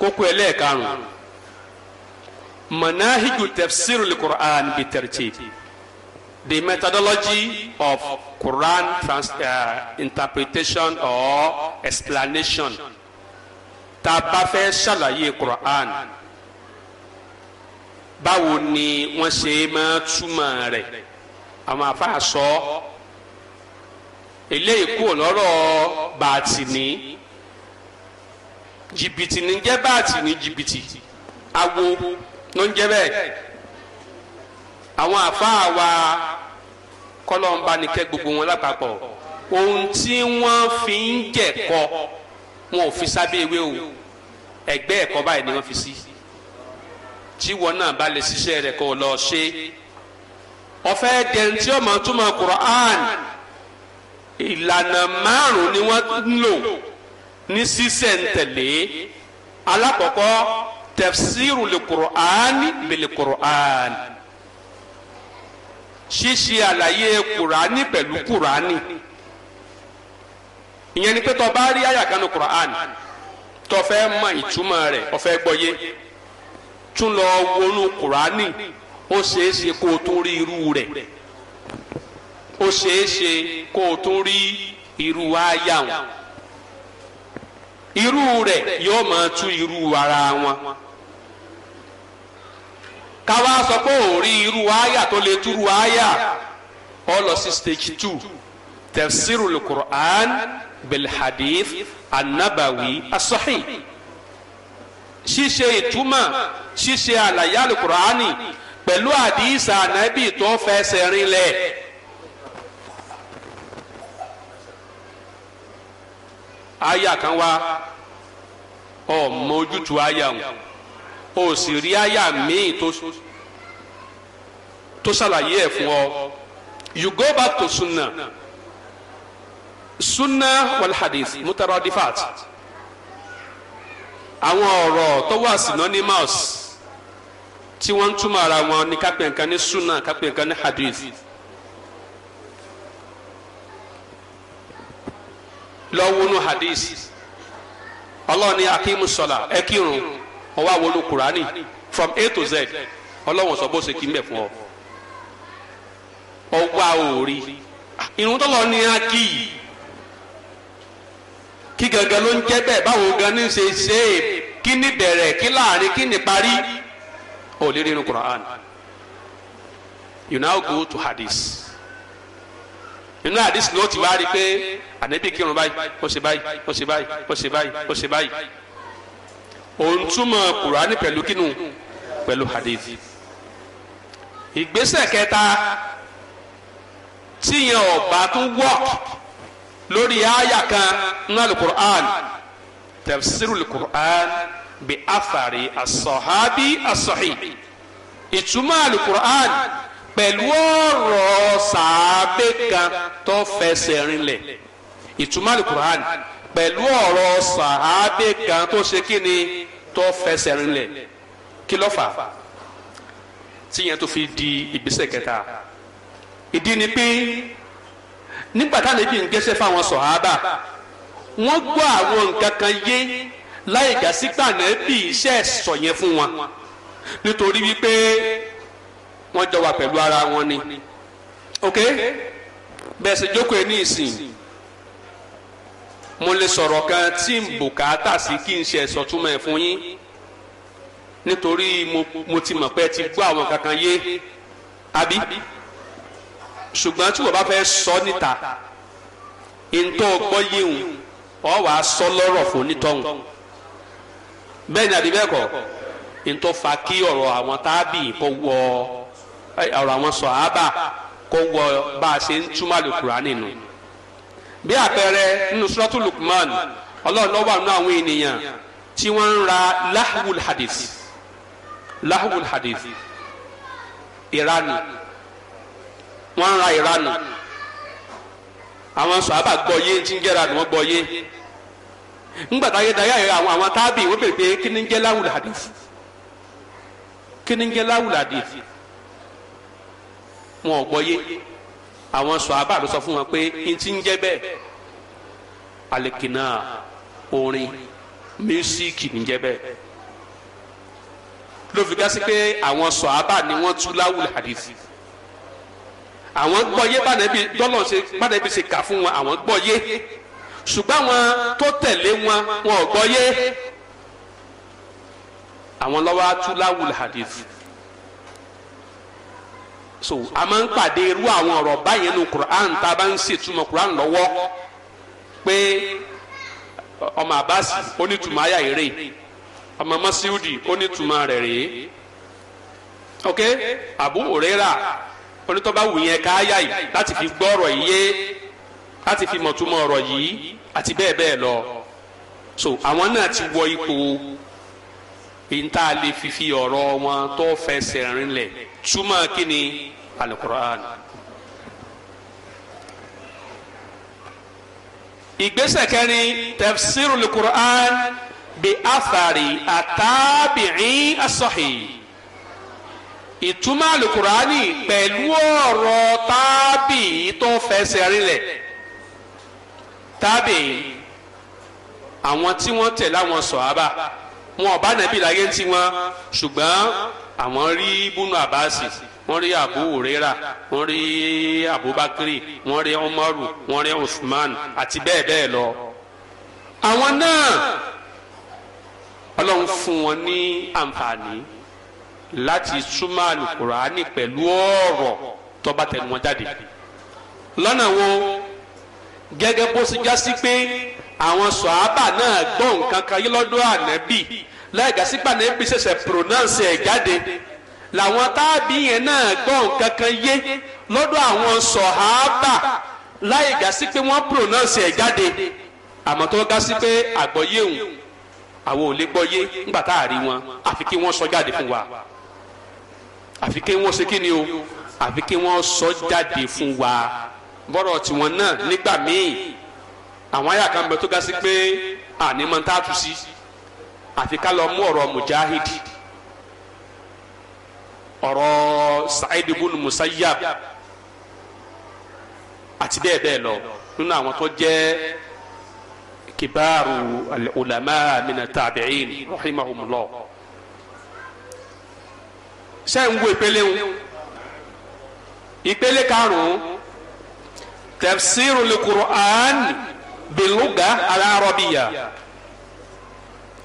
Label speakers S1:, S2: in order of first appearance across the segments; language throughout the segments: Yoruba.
S1: kókó ẹlẹ́ẹ̀karùn manahiju tafsir al-Quran bi tartib the methodology of Quran trans uh, interpretation or explanation tá a bá fẹ́ ṣàlàyé Quran báwo ni wọ́n ṣe máa túmọ̀ rẹ̀ àwọn afáàsọ eléyìí kúrò lọ́rọ̀ bàtìní jìbìtì ní jẹ́ báàtì ní jìbìtì awo ló ń jẹ́ bẹ́ẹ̀ àwọn àfáà wa kọ́lọ́mbà ni kẹ́ gbogbo wọn lápapọ̀ ohun tí wọ́n fi ń jẹ̀kọ́ wọn ò fi sábẹ́ ewé o ẹgbẹ́ ẹ̀kọ́ báyìí ni wọ́n fi sí tí wọn náà bá lè ṣiṣẹ́ rẹ̀ kó lọ ṣe ọ̀fẹ́ dẹ̀ntì ọmọ túmọ̀ Qur'an ìlànà márùn-ún ni wọ́n ń lò ní sísẹ̀ntẹ̀lé alákọ̀ọ́kọ́ tafsiru lè kùrọ̀ánì bèlè kùrọ̀ánì ṣíṣe àlàyé kùránì pẹ̀lú kùránì ìyẹn ni pé tó bá rí àyàkánu kùránì tó fẹ́ mọ ìtumọ̀ rẹ̀ ó fẹ́ gbọ́yé tún lọ wọnú kùránì ó ṣeé ṣe kó o tún rí irú rẹ̀ ó ṣeé ṣe kó o tún rí irú àyà wọn irú rẹ̀ yóò máa tú irú ara wọn káwa sọ pé ò rí irú àyà tó lè túrú àyà ọ lọ sí stage two tafsirul Qur'an bil anabawi as ṣíṣe ìtumọ̀ ṣíṣe àlàyé alukur'ani pẹ̀lú àdìsá ànábì tó fẹsẹ̀ rinlẹ̀. aya kan wá ọmọ ojútùú aya wọn o sì rí aya míì tó tó ṣàlàyé ẹ̀ fún ọ you go back to sunnah sunnah wal hadith mutaradifat àwọn ọ̀rọ̀ tó wà synonymous tí wọ́n ń túmọ̀ ara wọn ní kápẹ́ ní sunnah kápẹ́ nǹkan ní hadith. lọ́wọ́nú hadith ọlọ́run ní akímù sọlá ẹ kírun wọn wá wọnú kurani from a to z ọlọ́run sọ bó ṣe kí mbẹ̀ fún ọ ọgbà òòrí irun tó lọ ní akí kí gangan ló ń jẹ́ bẹ́ẹ̀ báwo gan ní ṣe ṣe é kí ní bẹ̀rẹ̀ kí láàrin kí parí ò lè rí inú you now go to hadith. nínú àdìsí ni ó ti wá rí i pé ànábì kírun báyìí ó ṣe báyìí ó ṣe báyìí ó ṣe báyìí ó ṣe báyìí òun túmọ̀ kùránì pẹ̀lú kínú pẹ̀lú hadith ìgbésẹ̀ kẹta tíyan ọba tún wọ́ọ̀k lórí àyà kan nínú alukur'an tafsiru alukur'an bi afari asọ̀hábí asọ̀hí ìtumọ̀ alukur'an. As pẹ̀lú ọ̀rọ̀ sàábé kan tó fẹsẹ̀ rinlẹ̀ ìtumọ̀ alukur'an pẹ̀lú ọ̀rọ̀ sàábé kan tó ṣe kí ni tó fẹsẹ̀ rinlẹ̀ kí ló fà tíyẹn tó fi di ìgbésẹ̀ kẹta ìdí ni pé nígbà táwọn ibi ń gẹ́sẹ̀ fáwọn sọ̀hábà wọ́n gbọ́ àwọn nǹkan kan yé láì gàsígbà náà bí iṣẹ́ sọ̀yẹn fún wọn nítorí wípé wọ́n jọ wà pẹ̀lú ara wọn ni ok bẹ́ẹ̀ sì jókòó ẹ ní ìsìn mo lè sọ̀rọ̀ kan tí n bùkátà sí kí n ṣe ẹ̀sọ̀túnmọ̀ ẹ̀ fún yín nítorí mo ti mọ̀ pé ẹ ti gbọ́ àwọn kankan yé àbí ṣùgbọ́n tí wọ́n bá fẹ́ sọ níta ntọ́ gbọ́ yéhùn ọ wàá sọ lọ́rọ̀ fún nítọ̀hún bẹ́ẹ̀ ni àbí bẹ́ẹ̀ kọ́ ntọ́ fa kí ọ̀rọ̀ àwọn tábì kọ́ wọ ọ́ ọ̀rọ̀ àwọn sọ̀hábà kó wọ bá a ṣe ń túmọ̀ àlùkùránì nù. bí àpẹẹrẹ nínú suratu Luqman ọlọ́run lọ́wọ́ àwọn àwọn ènìyàn tí wọ́n ń ra lahwul hadith lahwul hadith ìranù wọ́n ń ra ìranù àwọn sọ̀hábà gbọ́ yé tí ń jẹ́ra ni wọ́n gbọ́ yé ńgbà táyé dayá yẹ àwọn àwọn tábì wọ́n bèrè pé kí ni ń jẹ́ hadith kí ni ń jẹ́ hadith wọn ò gbọ́yé àwọn sọ̀hábà ló sọ fún wọn pé n ti ń jẹ́ bẹ́ẹ̀ alekina orin mísíkì ń jẹ́ bẹ́ẹ̀ ló fi gásí pé àwọn sọ̀hábà ni wọ́n tú láwùl hadithi àwọn gbọ́yé bánẹ́bí dọ́lọ́ ṣe bánẹ́bí ṣe kà fún wọn àwọn gbọ́yé ṣùgbọ́n àwọn tó tẹ̀lé wọn wọn ò gbọ́yé àwọn lọ́wọ́ á tú láwùl hadithi so a máa ń pàdé irú àwọn ọ̀rọ̀ báyẹn nu Qur'an tá a bá ń ṣètumọ̀ Qur'an lọ́wọ́ pé ọmọ Abbas onítùmọ̀ ayà eré ọmọ Masudi onítùmọ̀ rẹ̀ rèé ok Abu Huraira onítọ́ba wù yẹn ká ayà yìí láti fi gbọ́ ọ̀rọ̀ yìí yé láti fi mọ̀túmọ̀ ọ̀rọ̀ yìí àti bẹ́ẹ̀ bẹ́ẹ̀ lọ so àwọn náà ti wọ ipò ìntàlẹ́fífi ọ̀rọ̀ wọn tó fẹsẹ̀ rinlẹ̀ túmọ̀ kíni alukur'an. ìgbésẹ̀ kẹrin tafsiru alukur'an bi athari atabi'in asahi ìtumọ̀ alukur'ani pẹ̀lú ọ̀rọ̀ tábì tó fẹsẹ̀ rinlẹ̀ tábì àwọn tí wọ́n tẹ̀lé àwọn sọ̀hábà wọn ò bá nàbí láyé ń tiwọn ṣùgbọ́n àwọn rí bùnú àbáàsì wọ́n rí abu hurera wọ́n rí abubakari wọ́n rí umaru wọ́n rí usman àti bẹ́ẹ̀ bẹ́ẹ̀ lọ. àwọn náà ọlọ́run fún wọn ní àǹfààní láti súnmọ́ àlùkùránì pẹ̀lú ọ̀rọ̀ tó bá tẹnu wọn jáde lọ́nà wo gẹ́gẹ́ bó ṣe já sí pé àwọn sọ̀ábà náà gbọ́ nǹkan kan yí lọ́dọ̀ ànábì lẹ́gàsí pàdánù ṣẹ̀ṣẹ̀ pronounce ẹ̀ jáde làwọn táàbì yẹn náà gbọ́ nǹkan kan yé lọ́dọ̀ àwọn sọ̀háábà láì gàsí pé wọ́n pronounce ẹ̀ jáde àmọ́ tó gàsí pé àgbọ̀yé òun àwọn ò lè gbọ́yé nígbà tá a rí wọn àfi kí wọ́n sọ jáde fún wa àfi kí wọ́n ṣe kí ni o àfi kí wọ́n sọ jáde fún wa bọ́rọ̀ tiwọn náà nígbà míì àwọn àyà kan tó gàsí pé àní mọ́ tù sí. Si àfi ká lọ mú ọ̀rọ̀ mujahid ọ̀rọ̀ sa'id ibn musayyab àti bẹ́ẹ̀ bẹ́ẹ̀ lọ nínú àwọn tó jẹ́ kibaaru ulama mina tabi'in rahimahumullah ṣé ń wo ìpele ń ìpele karùn-ún tafsirul qur'an biluga al-arabiyya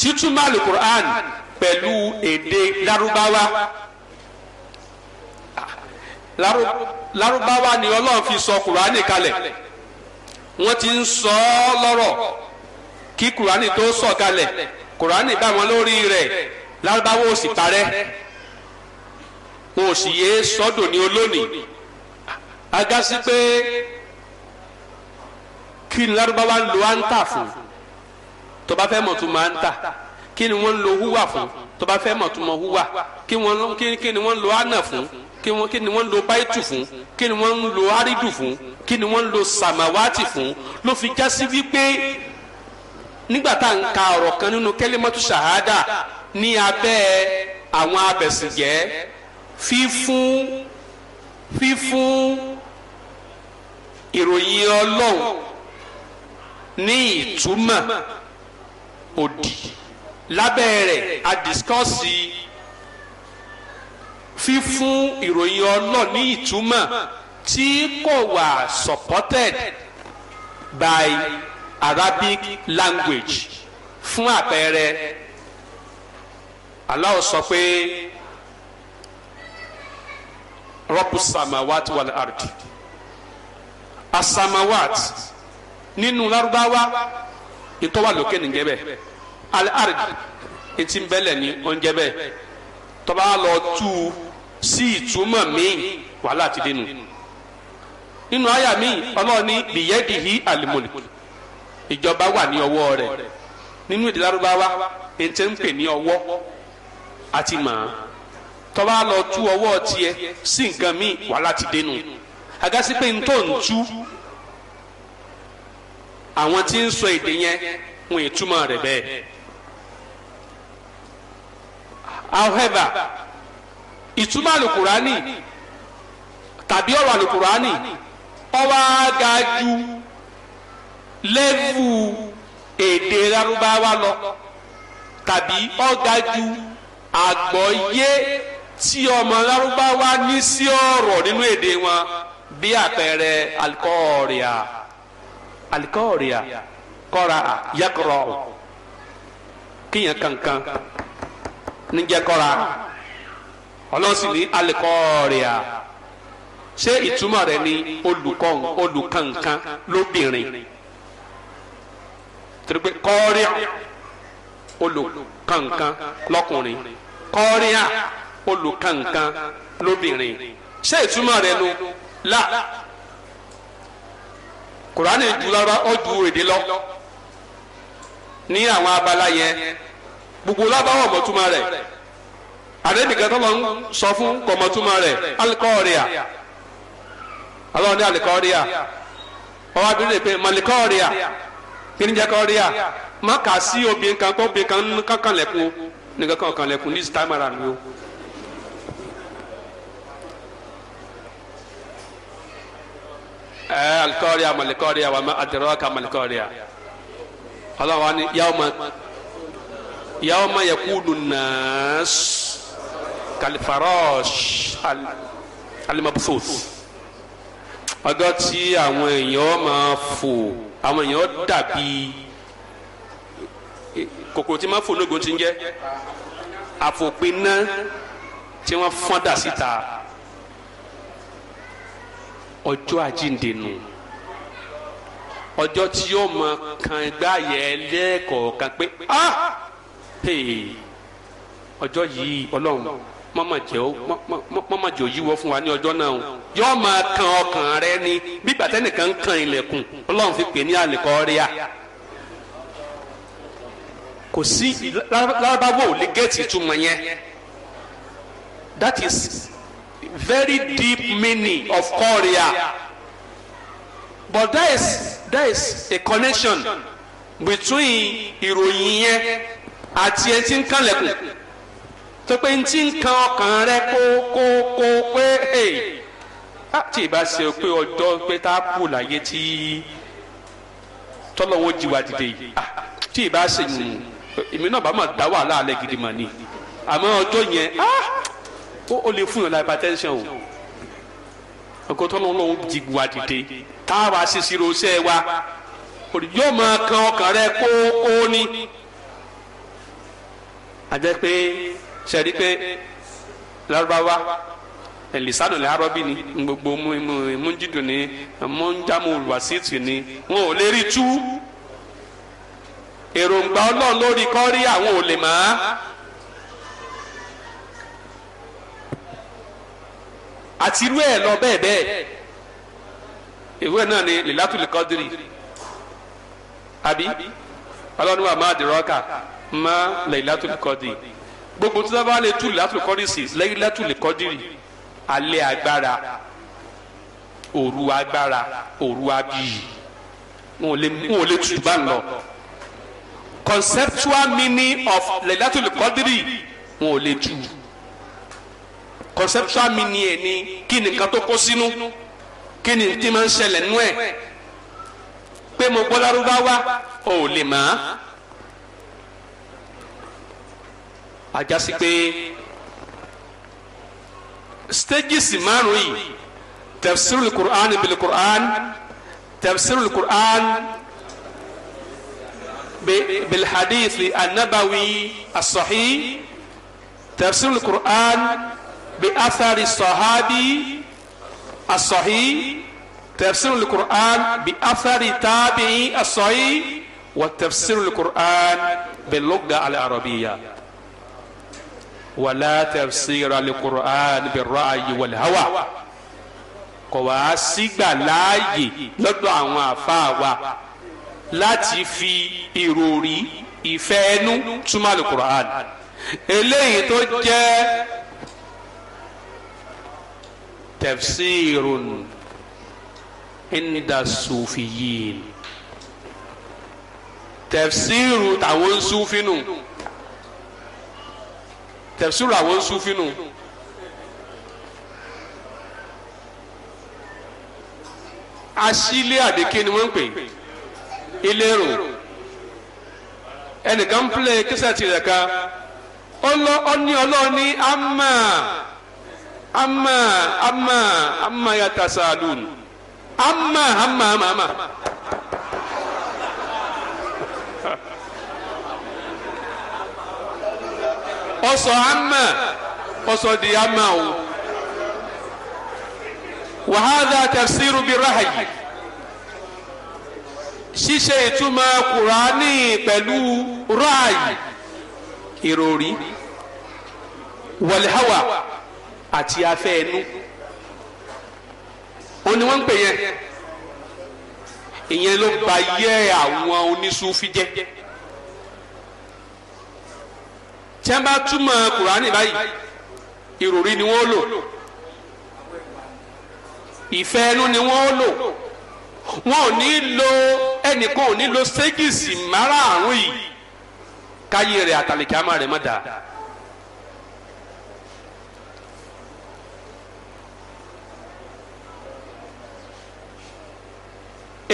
S1: títúmọ̀ alukur'an pẹ̀lú èdè lárúbáwá larubawa ni ọlọ́run fi sọ kùránì kalẹ̀ wọ́n ti ń sọ ọ́ lọ́rọ̀ kí kùránì tó sọ̀ kalẹ̀ kùránì bá wọn lórí rẹ̀ lárúbáwá ò sì parẹ́ wọn ò sì yé sọ́dọ̀ ní olónìí agasi pé kí ni lárúbáwá ń lo áńtà fún tó bá fẹ́ mọ̀ tó máa ń tà kí ni wọ́n ń lo húwà fún tó bá fẹ́ mọ̀ tó mọ̀ húwà kí ni wọ́n ń lo ànà fún kí ni wọ́n ń lo báyìtù fún kí ni wọ́n ń lo árídù fún kí ni wọ́n ń lo sàmáwátì fún ló fi já sí wípé nígbà tá à ń ka ọ̀rọ̀ kan nínú kẹ́lẹ́mọ́tò ṣàhádà ní abẹ́ àwọn abẹ̀sìnjẹ́ fífún fífún ìròyìn ọlọ́run ní ìtumọ̀ odi lábẹ́ rẹ̀ a discọ́sì fífún ìròyìn ọlọ́ ní ìtumọ̀ tí kò wà supported by Arabic language fún àpẹẹrẹ Allah sọ pé rọ́pù samawat wal ardi asamawat nínú Lárúbáwá. ntọ́wà lókè ní jẹ́ bẹ́ẹ̀ alẹ́ àrèdì etí nbẹ́lẹ̀ ní oúnjẹ bẹ́ẹ̀ tọ́ba lọ tú sí ìtumọ̀ míì wàhálà ti dénú nínú àyà míì ọlọ́ọ̀ni bìyẹ́dìhí àlùmọ̀lì ìjọba wà ní ọwọ́ rẹ̀ nínú èdè lárúbáwá ń pè ní ọwọ́ àti màá tọ́ba lọ tú ọwọ́ tiẹ̀ sí nǹkan míì wàhálà ti dénú àwọn tí ń sọ èdè yẹn wọn ìtumọ̀ rẹ̀ bẹ́ẹ̀ however ìtumọ̀ alukurani tàbí ọ̀rọ̀ alukurani ọwọ́ aga ju lẹ́vù èdè Lárúbáwá lọ tàbí ọ̀ga ju àgbọ́yé tí ọmọ Lárúbáwá ní sí ọ̀rọ̀ nínú èdè wọn bí àpẹẹrẹ alikọ́ọ̀rìà alikọọriya kọra a yakọrọ kíyàn kankan níjẹ kọra ọlọsi ní alikọọriya ṣé ìtumọ̀ rẹ̀ ni olùkọ́ olùkankan lóbìnrin tẹ̀lé kọ́ọ́ríà olùkankan lọ́kùnrin kọ́ọ́ríà olùkankan lóbìnrin ṣé ìtumọ̀ ni nu la kùránì ju lọ́wọ́ ju lọ ní àwọn abala yẹn gbogbo lábáwọ̀ mọ̀túmọ̀ rẹ̀ àdébìkan tó lọ ń sọ fún kọ̀mọ̀túmọ̀ rẹ̀ alikọ́ọ̀rìà alọ́ ní alikọ́ọ̀rìà ọwọ́ abirin pé malikọ́ọ̀rìà kìnìjẹ́kọ́ọ̀rìà má kà sí obìnrin kan ni ẹ alikọriya malikọriya wa ma adiraka malikọriya Ọlọ́run wa ni yawma yawma yakunu nas kalifarosh alimabusos ọjọ́ tí àwọn èèyàn máa fò àwọn èèyàn dàbí kòkòrò tí máa fò lóògùn ti ń jẹ àfòpiná tí wọ́n fọ́n dà síta ọjọ́ àjíǹde nù ọjọ́ tí yóò mọ kan gbá yẹ lẹ́ẹ̀kọ̀ọ̀kan pé ah ọjọ́ yìí ọlọ́run mọ́mọ́jẹ́ ò yíwọ́ fún wa ní ọjọ́ náà yóò máa kan ọkàn rẹ ni bí gbàtẹ́nìkan ń kan ilẹ̀kùn ọlọ́run fi pè ní àlìkọ́ríà kò sí lárábáwò ò lè gẹ́ẹ̀tì ìtumọ̀ yẹn that is very deep meaning of Korea. But there is there is a connection between ìròyìn yẹn àti ẹni tí ń kan lẹ́kùn tó pé ń tí ń kan ọkàn rẹ kó kó kó pé láti ah, ìbá ṣe pé ọjọ́ pé tá a kú láyé tí tọ́lọ́wọ́ jiwa dìde yìí ah, tí ìbá ṣe èmi náà bá mà dá wàhálà alẹ́ gidi mà ní àmọ́ ọjọ́ yẹn ah, ó lè fún yàn la hypertension o ọgọtọ lọwọ lọwọ jí wa dìde tá a wá sí sírò sẹ wa yóò máa kan ọkàn rẹ kó o ní àjẹ pé sẹẹri pé Lárúbáwá ẹlẹsàdù làárọbì ni gbogbo múndídùn ni múndámù olùwàsíìtì ni wọn ò lè rí tú èròǹgbà Ọlọ́run lórí kọ́rí àwọn ò lè máa. àti irú ẹ̀ lọ bẹ́ẹ̀ bẹ́ẹ̀ ìwé náà ni lilatul qadri àbí ọlọ́run wa máa dìrọ́kà má lilatul qadri gbogbo tí wọ́n bá lè tú lilatul qadri sí lilatul qadri alẹ́ agbára òru agbára òru abiyì wọn ò lè tutù bá ń lọ conceptual meaning of lilatul qadri wọn ò lè tutù conceptual mi ni ẹ̀ ni kí nìkan tó kó sínú kí ni tí máa ń ṣẹlẹ̀ nú ẹ̀ pé mo gbọ́ lárúbáwá ò lè má. àjásí pé stages márùn yìí tafsirul qur'an bil qur'an tafsirul qur'an bil hadith anabawi as-sahih tafsirul bi asari sahabi asahi tafsir al-Qur'an bi asari tabi'i asahi wa tafsir al-Qur'an bi lugha al-arabiyya wala tafsir al-Qur'an bi ra'yi wal hawa kò wá sígbà láàyè lọ́dọ̀ àwọn àfáà wa láti fi ìròrí ìfẹ́ ẹnu túmọ̀ al-Qur'an eléyìí tó jẹ́ tafsirun عند sufiyin tẹfsiru tàwọn sufinu tẹfsiru àwọn sufinu asílẹ̀ àdèké ni wọ́n ń pè ilérò ẹnìkan ń pilẹ̀ kíṣà tirẹ̀ ká ọlọ́ọ̀ni ọlọ́ọ̀ni ama amma amma amma ya amma amma amma amma. ọsọ ama ọsọ di ama o wàhálà tafsiru bi rahayi ṣíṣe ìtumọ̀ kùránì pẹ̀lú ráàyè ìròrí wàlíhàwà àti afẹ́ ẹnu òun ni wọ́n ń pè yẹn ìyẹn ló ba yẹ àwọn onísúfí jẹ́ tí wọ́n bá túmọ̀ kùránì báyìí ìròrí ni wọ́n lò ìfẹ́ ẹnu ni wọ́n lò wọn ò ní lo ẹnìkan ò ní lo ségìsì márààrún yìí káyé rẹ̀ àtàlẹ̀kẹ́ àmà rẹ̀ mọ́ dáa.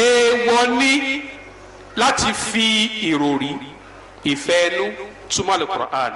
S1: èèwọ̀ ni láti fi ìròrí ìfẹ́ ẹnu túmọ̀ lè Qur'an